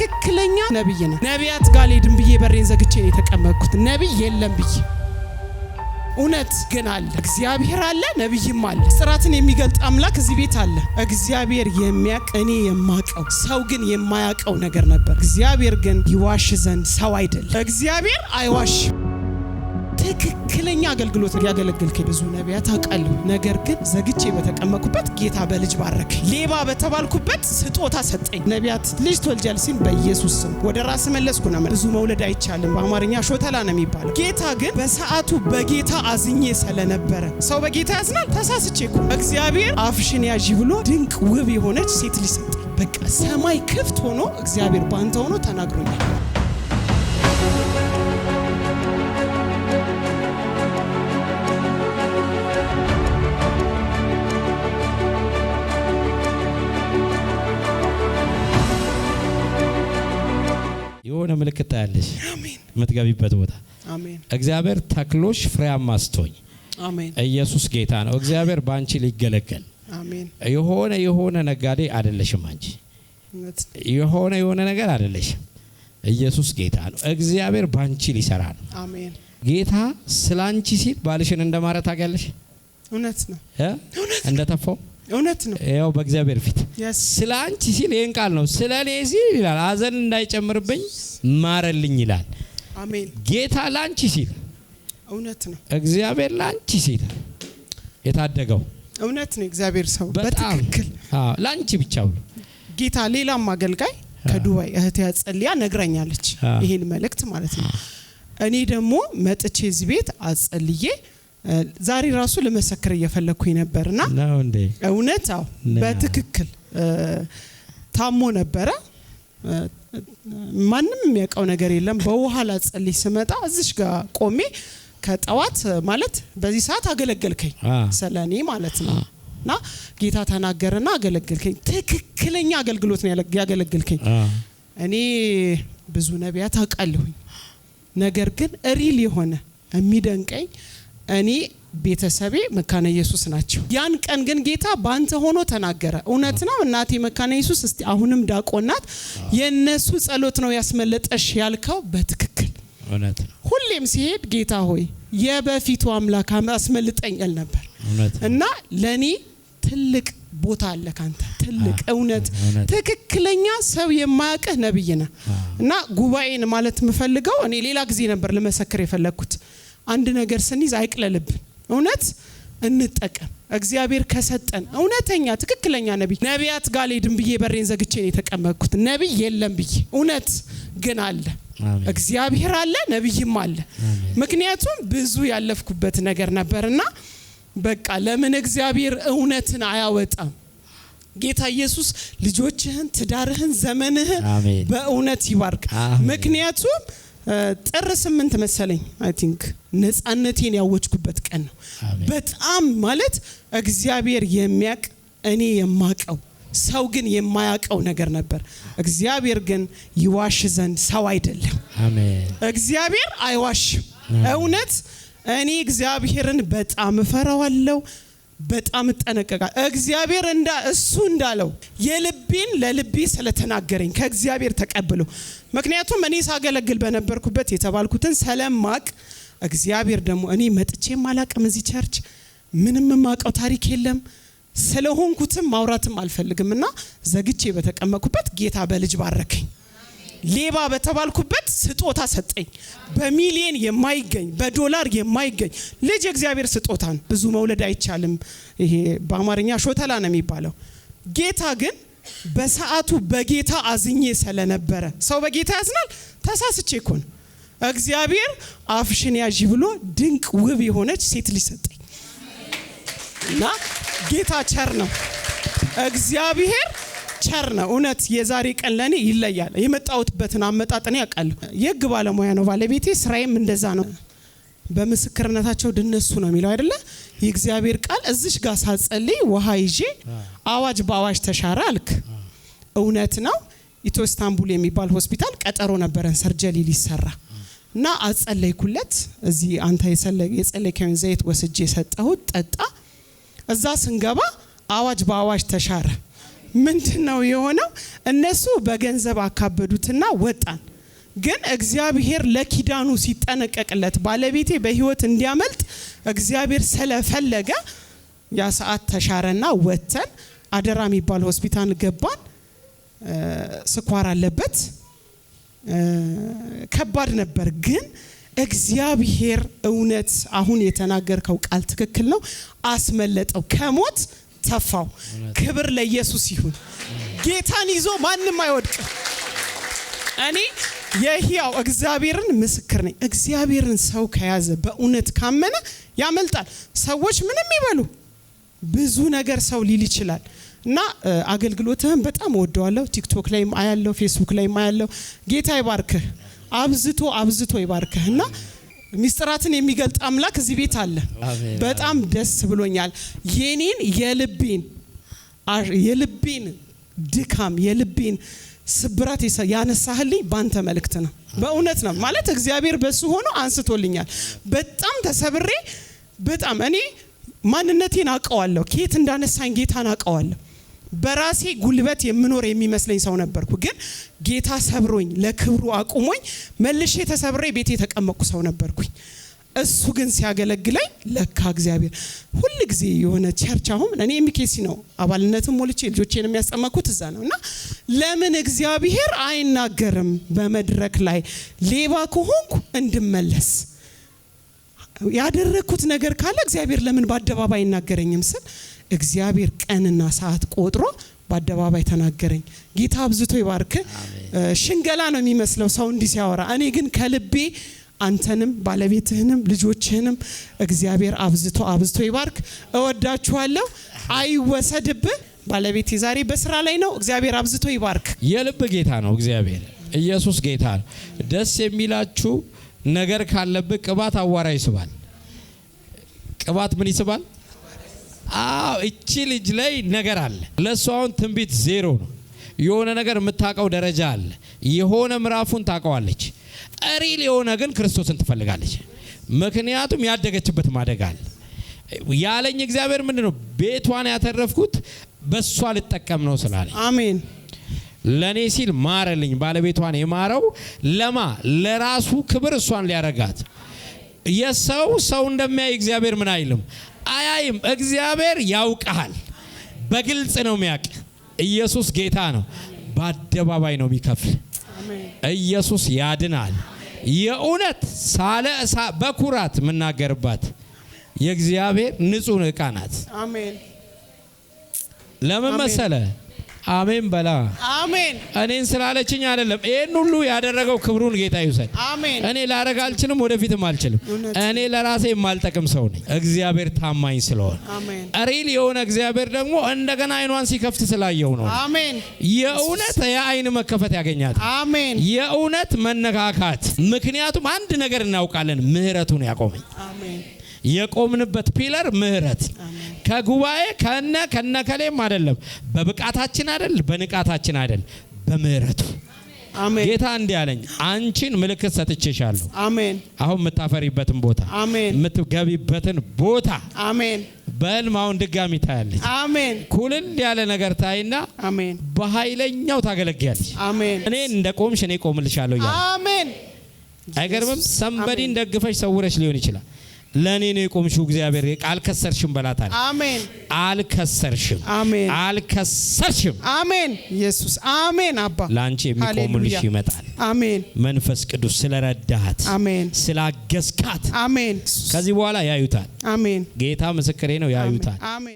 ትክክለኛ ነቢይ ነው። ነቢያት ጋር ልሄድም ብዬ በሬን ዘግቼ ነው የተቀመጥኩት። ነቢይ የለም ብዬ እውነት ግን አለ፣ እግዚአብሔር አለ፣ ነቢይም አለ። ስራትን የሚገልጥ አምላክ እዚህ ቤት አለ። እግዚአብሔር የሚያቅ እኔ የማቀው ሰው ግን የማያቀው ነገር ነበር። እግዚአብሔር ግን ይዋሽ ዘንድ ሰው አይደለም። እግዚአብሔር አይዋሽ ትክክለኛ አገልግሎት ያገለግልክ ብዙ ነቢያት አውቃለሁ። ነገር ግን ዘግቼ በተቀመጥኩበት ጌታ በልጅ ባረክ፣ ሌባ በተባልኩበት ስጦታ ሰጠኝ። ነቢያት ልጅ ትወልጃል ሲል በኢየሱስ ስም ወደ ራስ መለስኩ ነው። ብዙ መውለድ አይቻልም፣ በአማርኛ ሾተላ ነው የሚባለው። ጌታ ግን በሰዓቱ በጌታ አዝኜ ስለነበረ ሰው በጌታ ያዝናል። ተሳስቼ እኮ እግዚአብሔር አፍሽን ያዥ ብሎ ድንቅ ውብ የሆነች ሴት ሊሰጠኝ በቃ ሰማይ ክፍት ሆኖ እግዚአብሔር ባንተ ሆኖ ተናግሮኛል። ምልክት ታያለሽ። የምትገቢበት ቦታ እግዚአብሔር ተክሎሽ ፍሬያማ ስትሆኝ ኢየሱስ ጌታ ነው። እግዚአብሔር በአንቺ ሊገለገል የሆነ የሆነ ነጋዴ አይደለሽም። አንቺ የሆነ የሆነ ነገር አይደለሽም። ኢየሱስ ጌታ ነው። እግዚአብሔር በአንቺ ሊሰራ ነው። ጌታ ስለ አንቺ ሲል ባልሽን እንደማረት ታውቂያለሽ። እውነት ነው እንደተፋው እውነት ነው። ያው በእግዚአብሔር ፊት ስለ አንቺ ሲል ይህን ቃል ነው። ስለ እኔ ሲል ይላል አዘን እንዳይጨምርብኝ ማረልኝ ይላል። አሜን። ጌታ ለአንቺ ሲል እውነት ነው። እግዚአብሔር ለአንቺ ሲል የታደገው እውነት ነው። እግዚአብሔር ሰው በትክክል ለአንቺ ብቻ ብሎ ጌታ ሌላም አገልጋይ ከዱባይ እህት ያጸልያ ነግረኛለች ይሄን መልእክት ማለት ነው። እኔ ደግሞ መጥቼ እዚህ ቤት አጸልዬ ዛሬ ራሱ ለመሰከር እየፈለግኩኝ ነበር እና እውነት ው በትክክል ታሞ ነበረ። ማንም የሚያውቀው ነገር የለም። በውሃ ላጸልይ ስመጣ እዚሽ ጋር ቆሜ ከጠዋት ማለት በዚህ ሰዓት አገለገልከኝ ስለ እኔ ማለት ነው እና ጌታ ተናገርና አገለገልከኝ። ትክክለኛ አገልግሎት ነው ያገለገልከኝ። እኔ ብዙ ነቢያት አውቃለሁኝ፣ ነገር ግን ሪል የሆነ የሚደንቀኝ እኔ ቤተሰቤ መካነ ኢየሱስ ናቸው። ያን ቀን ግን ጌታ በአንተ ሆኖ ተናገረ። እውነት ነው እናቴ መካነ ኢየሱስ እስቲ አሁንም ዳቆናት የእነሱ ጸሎት ነው ያስመለጠሽ ያልከው በትክክል እውነት ነው። ሁሌም ሲሄድ ጌታ ሆይ የበፊቱ አምላክ ያል ነበር እና ለእኔ ትልቅ ቦታ አለ ካንተ ትልቅ እውነት ትክክለኛ ሰው የማያውቅህ ነብይ ነህ እና ጉባኤን ማለት የምፈልገው እኔ ሌላ ጊዜ ነበር ልመሰክር የፈለግኩት አንድ ነገር ስንይዝ አይቅለልብን። እውነት እንጠቀም። እግዚአብሔር ከሰጠን እውነተኛ ትክክለኛ ነቢይ ነቢያት ጋር ልሄድም ብዬ በሬን ዘግቼ ነው የተቀመጥኩት። ነቢይ የለም ብዬ እውነት ግን አለ እግዚአብሔር አለ፣ ነቢይም አለ። ምክንያቱም ብዙ ያለፍኩበት ነገር ነበርና በቃ ለምን እግዚአብሔር እውነትን አያወጣም? ጌታ ኢየሱስ ልጆችህን፣ ትዳርህን፣ ዘመንህን በእውነት ይባርክ። ምክንያቱም ጥር ስምንት መሰለኝ አይ ቲንክ ነጻነቴን ያወጅኩበት ቀን ነው። በጣም ማለት እግዚአብሔር የሚያቅ እኔ የማቀው ሰው ግን የማያቀው ነገር ነበር። እግዚአብሔር ግን ይዋሽ ዘንድ ሰው አይደለም። እግዚአብሔር አይዋሽም። እውነት እኔ እግዚአብሔርን በጣም እፈራዋለሁ። በጣም እጠነቀቃል። እግዚአብሔር እንዳ እሱ እንዳለው የልቤን ለልቤ ስለተናገረኝ ከእግዚአብሔር ተቀብሎ ምክንያቱም እኔ ሳገለግል በነበርኩበት የተባልኩትን ሰለማቅ እግዚአብሔር ደግሞ እኔ መጥቼ አላቅም እዚህ ቸርች ምንም የማውቀው ታሪክ የለም ስለሆንኩትም ማውራትም አልፈልግምና ዘግቼ በተቀመኩበት ጌታ በልጅ ባረከኝ። ሌባ በተባልኩበት ስጦታ ሰጠኝ። በሚሊየን የማይገኝ በዶላር የማይገኝ ልጅ እግዚአብሔር ስጦታ ብዙ መውለድ አይቻልም። ይሄ በአማርኛ ሾተላ ነው የሚባለው። ጌታ ግን በሰዓቱ በጌታ አዝኜ ስለነበረ ሰው በጌታ ያዝናል። ተሳስቼ እኮ ነው። እግዚአብሔር አፍሽን ያዥ ብሎ ድንቅ ውብ የሆነች ሴት ልጅ ሰጠኝ እና ጌታ ቸር ነው እግዚአብሔር ቸር ነው። እውነት የዛሬ ቀን ለእኔ ይለያል። የመጣሁትበትን አመጣጥ ያውቃለሁ። የህግ ባለሙያ ነው ባለቤቴ፣ ስራዬም እንደዛ ነው። በምስክርነታቸው ድነሱ ነው የሚለው አይደለ? የእግዚአብሔር ቃል እዚሽ ጋር ሳጸልይ ውሃ ይዤ አዋጅ በአዋጅ ተሻረ አልክ። እውነት ነው። ኢትዮ ኢስታንቡል የሚባል ሆስፒታል ቀጠሮ ነበረን ሰርጀሪ ሊሰራ እና አጸለይኩለት። እዚህ አንተ የጸለይከውን ዘይት ወስጄ የሰጠሁት ጠጣ። እዛ ስንገባ አዋጅ በአዋጅ ተሻረ። ምንድን ነው የሆነው? እነሱ በገንዘብ አካበዱትና ወጣን። ግን እግዚአብሔር ለኪዳኑ ሲጠነቀቅለት ባለቤቴ በህይወት እንዲያመልጥ እግዚአብሔር ስለፈለገ ያ ሰዓት ተሻረና ወጥተን አደራ የሚባል ሆስፒታል ገባን። ስኳር አለበት፣ ከባድ ነበር። ግን እግዚአብሔር እውነት አሁን የተናገርከው ቃል ትክክል ነው፣ አስመለጠው ከሞት ተፋው። ክብር ለኢየሱስ ይሁን። ጌታን ይዞ ማንም አይወድቅም። እኔ የህያው እግዚአብሔርን ምስክር ነኝ። እግዚአብሔርን ሰው ከያዘ በእውነት ካመነ ያመልጣል። ሰዎች ምንም ይበሉ ብዙ ነገር ሰው ሊል ይችላል እና አገልግሎትህን በጣም ወደዋለሁ ቲክቶክ ላይም አያለሁ፣ ፌስቡክ ላይም አያለሁ። ጌታ ይባርክህ፣ አብዝቶ አብዝቶ ይባርክህ እና ሚስጥራትን የሚገልጥ አምላክ እዚህ ቤት አለ። በጣም ደስ ብሎኛል። የኔን የልቤን የልቤን ድካም የልቤን ስብራት ያነሳህልኝ በአንተ መልእክት ነው። በእውነት ነው ማለት እግዚአብሔር በሱ ሆኖ አንስቶልኛል። በጣም ተሰብሬ በጣም እኔ ማንነቴን አውቀዋለሁ። ከየት እንዳነሳኝ ጌታን አውቀዋለሁ። በራሴ ጉልበት የምኖር የሚመስለኝ ሰው ነበርኩ። ግን ጌታ ሰብሮኝ ለክብሩ አቁሞኝ መልሼ ተሰብሬ ቤቴ የተቀመጥኩ ሰው ነበርኩኝ። እሱ ግን ሲያገለግለኝ ለካ እግዚአብሔር ሁል ጊዜ የሆነ ቸርች አሁን እኔ የሚኬሲ ነው አባልነትም ሞልቼ ልጆቼን የሚያስጠመኩት እዛ ነው እና ለምን እግዚአብሔር አይናገርም በመድረክ ላይ ሌባ ከሆንኩ እንድመለስ ያደረግኩት ነገር ካለ እግዚአብሔር ለምን በአደባባይ አይናገረኝም ስል እግዚአብሔር ቀንና ሰዓት ቆጥሮ በአደባባይ ተናገረኝ። ጌታ አብዝቶ ይባርክ። ሽንገላ ነው የሚመስለው ሰው እንዲህ ሲያወራ፣ እኔ ግን ከልቤ አንተንም ባለቤትህንም ልጆችህንም እግዚአብሔር አብዝቶ አብዝቶ ይባርክ። እወዳችኋለሁ። አይወሰድብህ። ባለቤቴ ዛሬ በስራ ላይ ነው። እግዚአብሔር አብዝቶ ይባርክ። የልብ ጌታ ነው እግዚአብሔር። ኢየሱስ ጌታ ነው። ደስ የሚላችሁ ነገር ካለብህ ቅባት አዋራ ይስባል። ቅባት ምን ይስባል? አዎ እቺ ልጅ ላይ ነገር አለ። ለእሱ አሁን ትንቢት ዜሮ ነው። የሆነ ነገር የምታውቀው ደረጃ አለ። የሆነ ምዕራፉን ታውቀዋለች። ሪል የሆነ ግን ክርስቶስን ትፈልጋለች። ምክንያቱም ያደገችበት ማደግ አለ። ያለኝ እግዚአብሔር ምንድን ነው ቤቷን ያተረፍኩት በእሷ ልጠቀም ነው ስላለ አሜን ለእኔ ሲል ማረልኝ። ባለቤቷን የማረው ለማ ለራሱ ክብር እሷን ሊያረጋት የሰው ሰው እንደሚያይ እግዚአብሔር ምን አይልም አያይም። እግዚአብሔር ያውቀሃል። በግልጽ ነው የሚያውቅ። ኢየሱስ ጌታ ነው። በአደባባይ ነው የሚከፍል። ኢየሱስ ያድናል። የእውነት ሳለ በኩራት የምናገርባት የእግዚአብሔር ንጹህ እቃ ናት። ለምን መሰለ? አሜን በላ። አሜን እኔን ስላለችኝ አይደለም። ይህን ሁሉ ያደረገው ክብሩን ጌታ ይውሰድ። እኔ ላረግ አልችልም፣ ወደፊትም አልችልም። እኔ ለራሴ የማልጠቅም ሰው ነኝ፣ እግዚአብሔር ታማኝ ስለሆነ። ሪል የሆነ እግዚአብሔር ደግሞ እንደገና አይኗን ሲከፍት ስላየው ነው። አሜን። የእውነት የአይን መከፈት ያገኛት። አሜን። የእውነት መነካካት። ምክንያቱም አንድ ነገር እናውቃለን፣ ምህረቱን ያቆመኝ የቆምንበት ፒለር ምህረት ከጉባኤ ከነ ከነ ከሌም አይደለም፣ በብቃታችን አይደል፣ በንቃታችን አይደል፣ በምህረቱ ጌታ እንዲህ አለኝ፣ አንቺን ምልክት ሰጥቼሻለሁ። አሜን። አሁን የምታፈሪበትን ቦታ አሜን፣ የምትገቢበትን ቦታ አሜን። በህልም አሁን ድጋሚ ታያለች። አሜን። ኩልል ያለ ነገር ታይና አሜን፣ በኃይለኛው ታገለግያለች። አሜን። እኔ እንደ ቆምሽ እኔ ቆምልሻለሁ አሜን። አይገርምም? ሰንበዲን ደግፈሽ ሰውረሽ ሊሆን ይችላል ለእኔ ነው የቆምሽው። እግዚአብሔር አልከሰርሽም በላታል። አሜን። አልከሰርሽም። አሜን። አልከሰርሽም። አሜን። ኢየሱስ አሜን። አባ ለአንቺ የሚቆምልሽ ይመጣል። አሜን። መንፈስ ቅዱስ ስለረዳሃት፣ አሜን። ስላገዝካት፣ አሜን። ከዚህ በኋላ ያዩታል። አሜን። ጌታ ምስክሬ ነው፣ ያዩታል። አሜን።